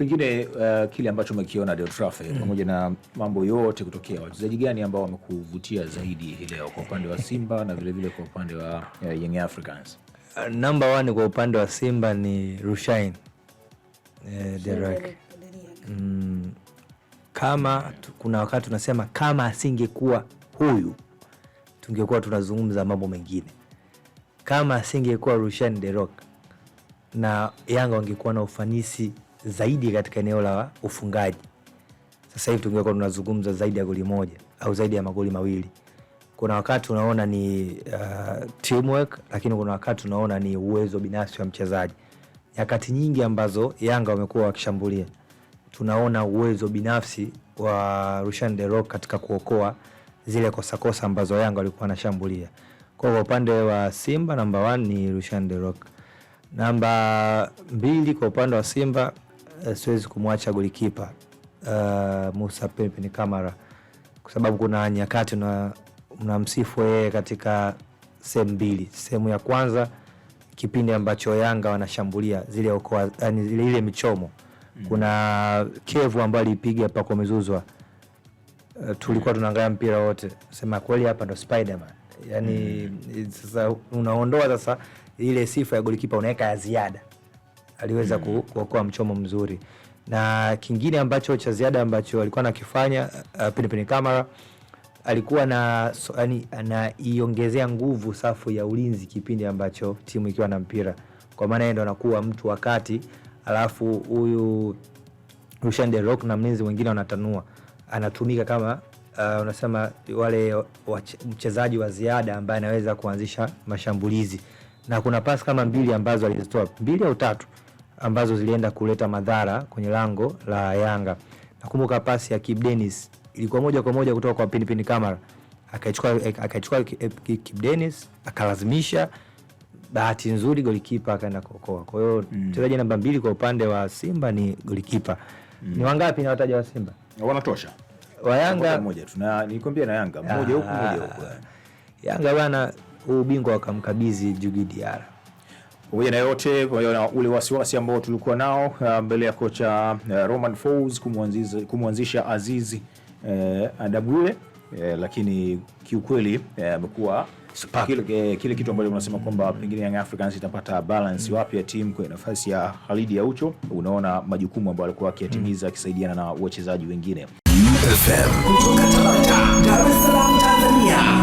Pengine uh, kile ambacho umekiona Deotrafe mm. pamoja na mambo yote kutokea, wachezaji gani ambao wamekuvutia zaidi hii leo kwa upande wa Simba na vilevile vile kwa upande wa uh, Young Africans? Uh, number one kwa upande wa Simba ni Rushain uh, eh, Derek mm, kama kuna wakati tunasema kama asingekuwa huyu tungekuwa tunazungumza mambo mengine. Kama asingekuwa Rushain Derek na Yanga wangekuwa na ufanisi zaidi katika eneo la ufungaji. Sasa hivi tungekuwa tunazungumza zaidi ya goli moja au zaidi ya magoli mawili. Kuna wakati unaona ni uh, teamwork, lakini kuna wakati unaona ni uwezo binafsi wa mchezaji. Nyakati nyingi ambazo Yanga wamekuwa wakishambulia, tunaona uwezo binafsi wa Rushan De Reuck katika kuokoa zile kosakosa ambazo Yanga walikuwa wanashambulia. Kwa upande wa Simba namba 1 ni Rushan De Reuck. Namba mbili kwa upande wa Simba Eh, siwezi kumwacha golikipa uh, Musa ni Kamara kwa sababu kuna nyakati mnamsifu yeye katika sehemu mbili. Sehemu ya kwanza kipindi ambacho Yanga wanashambulia zile okoa, yani zile ile michomo mm. kuna kevu ambayo alipiga Pako Mezuzwa uh, tulikuwa tunaangalia mpira wote, sema kweli, hapa ndo Spiderman yani mm. Sasa unaondoa sasa ile sifa ya golikipa unaweka ya ziada aliweza mm. kuokoa mchomo mzuri, na kingine ambacho cha ziada ambacho alikuwa nakifanya uh, uh, Pinipini Kamara alikuwa na so, yani, anaiongezea nguvu safu ya ulinzi kipindi ambacho timu ikiwa na mpira, kwa maana yeye ndo anakuwa mtu wa kati, alafu huyu Rushine De na mlinzi mwingine wanatanua, anatumika kama uh, unasema wale mchezaji wa ziada ambaye anaweza kuanzisha mashambulizi na kuna pasi kama mbili ambazo alizitoa mbili au tatu ambazo zilienda kuleta madhara kwenye lango la Yanga. Nakumbuka pasi ya Kip Dennis ilikuwa moja kwa moja kutoka kwa Pinpin Kamara, akaichukua akaichukua Kip Dennis akalazimisha, bahati nzuri golikipa akaenda kuokoa. Kwa hiyo mm. mchezaji mm. namba mbili kwa upande wa Simba ni golikipa mm. ni wangapi na wataja wa Simba wanatosha wa Yanga moja tu, na nilikwambia na Yanga moja huko moja huko. Ah. Yanga bwana, huu ubingwa wakamkabidhi Djigui Diarra. Pamoja na yote, na ule wasiwasi ambao tulikuwa nao uh, mbele ya kocha uh, Roman Falls kumwanzisha Azizi eh, uh, Adabwile eh, lakini kiukweli amekuwa eh, kile, kile kitu ambacho unasema kwamba pengine Young Africans itapata balance mm. wapi ya timu kwa nafasi ya Khalid Aucho. Unaona majukumu ambayo alikuwa akiyatimiza mm. akisaidiana na wachezaji wengine FM kutoka Dar es Salaam, Tanzania.